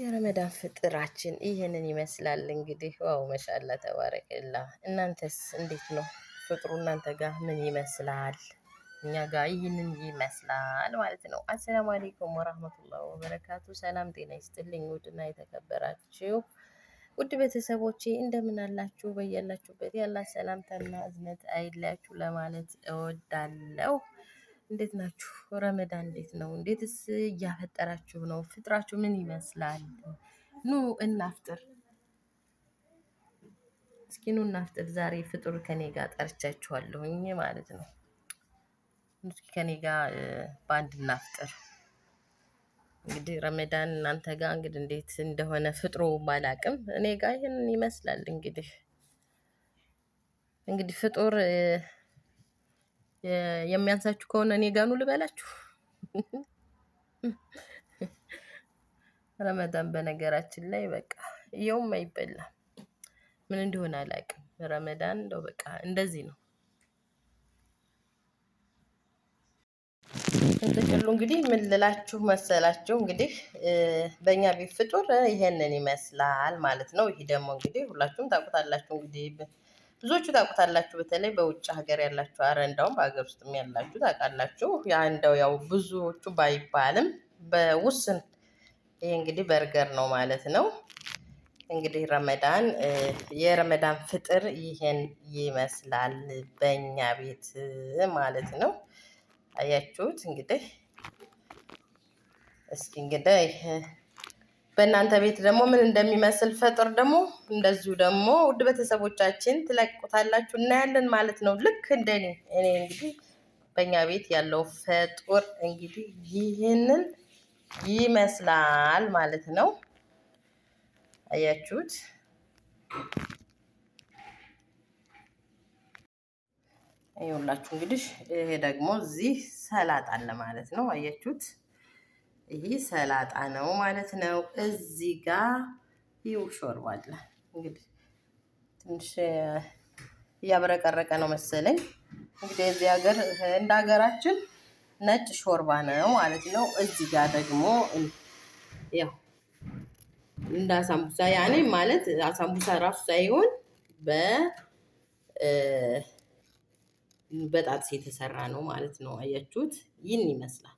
የረመዳን ፍጥራችን ይህንን ይመስላል። እንግዲህ ዋው መሻላ ተባረክላ። እናንተስ እንዴት ነው ፍጥሩ? እናንተ ጋር ምን ይመስላል? እኛ ጋር ይህንን ይመስላል ማለት ነው። አሰላሙ አሌይኩም ወራህመቱላ ወበረካቱ። ሰላም ጤና ይስጥልኝ ውድና የተከበራችሁ ውድ ቤተሰቦቼ እንደምን አላችሁ? በያላችሁበት ያላ ሰላምታና እዝነት አይለያችሁ ለማለት እወዳለሁ። እንዴት ናችሁ? ረመዳን እንዴት ነው? እንዴትስ እያፈጠራችሁ ነው? ፍጥራችሁ ምን ይመስላል? ኑ እናፍጥር። እስኪ ኑ እናፍጥር። ዛሬ ፍጡር ከኔ ጋር ጠርቻችኋለሁኝ ማለት ነው። እስኪ ከኔ ጋር በአንድ እናፍጥር። እንግዲህ ረመዳን እናንተ ጋር እንግዲህ እንዴት እንደሆነ ፍጥሮ ባላቅም እኔ ጋር ይህን ይመስላል። እንግዲህ እንግዲህ ፍጡር የሚያንሳችሁ ከሆነ እኔ ጋኑ ልበላችሁ። ረመዳን በነገራችን ላይ በቃ የውም አይበላም። ምን እንደሆነ አላውቅም። ረመዳን እንደው በቃ እንደዚህ ነው። እንትክሉ እንግዲህ ምን ልላችሁ መሰላችሁ እንግዲህ በእኛ ቤት ፍጡር ይሄንን ይመስላል ማለት ነው። ይሄ ደግሞ እንግዲህ ሁላችሁም ታውቁታላችሁ እንግዲህ ብዙዎቹ ታውቁታላችሁ። በተለይ በውጭ ሀገር ያላችሁ፣ አረ እንዳውም በሀገር ውስጥም ያላችሁ ታውቃላችሁ። እንደው ያው ብዙዎቹ ባይባልም በውስን ይህ እንግዲህ በርገር ነው ማለት ነው። እንግዲህ ረመዳን የረመዳን ፍጥር ይሄን ይመስላል በእኛ ቤት ማለት ነው። አያችሁት እንግዲህ እስኪ እንግዲህ በእናንተ ቤት ደግሞ ምን እንደሚመስል ፈጥር ደግሞ እንደዚሁ ደግሞ ውድ ቤተሰቦቻችን ትለቁታላችሁ እናያለን ማለት ነው። ልክ እንደኔ እኔ እንግዲህ በእኛ ቤት ያለው ፈጡር እንግዲህ ይህንን ይመስላል ማለት ነው። አያችሁት? ይኸውላችሁ እንግዲህ ይሄ ደግሞ እዚህ ሰላጣ አለ ማለት ነው። አያችሁት? ይህ ሰላጣ ነው ማለት ነው። እዚህ ጋር ይው ሾርባ አለ እንግዲህ ትንሽ እያብረቀረቀ ነው መሰለኝ። እንግዲህ እዚህ ሀገር እንደ ሀገራችን ነጭ ሾርባ ነው ማለት ነው። እዚህ ጋር ደግሞ ያው እንደ አሳንቡሳ ያኔ ማለት አሳንቡሳ ራሱ ሳይሆን በ በጣጥስ የተሰራ ነው ማለት ነው። አያችሁት? ይህን ይመስላል።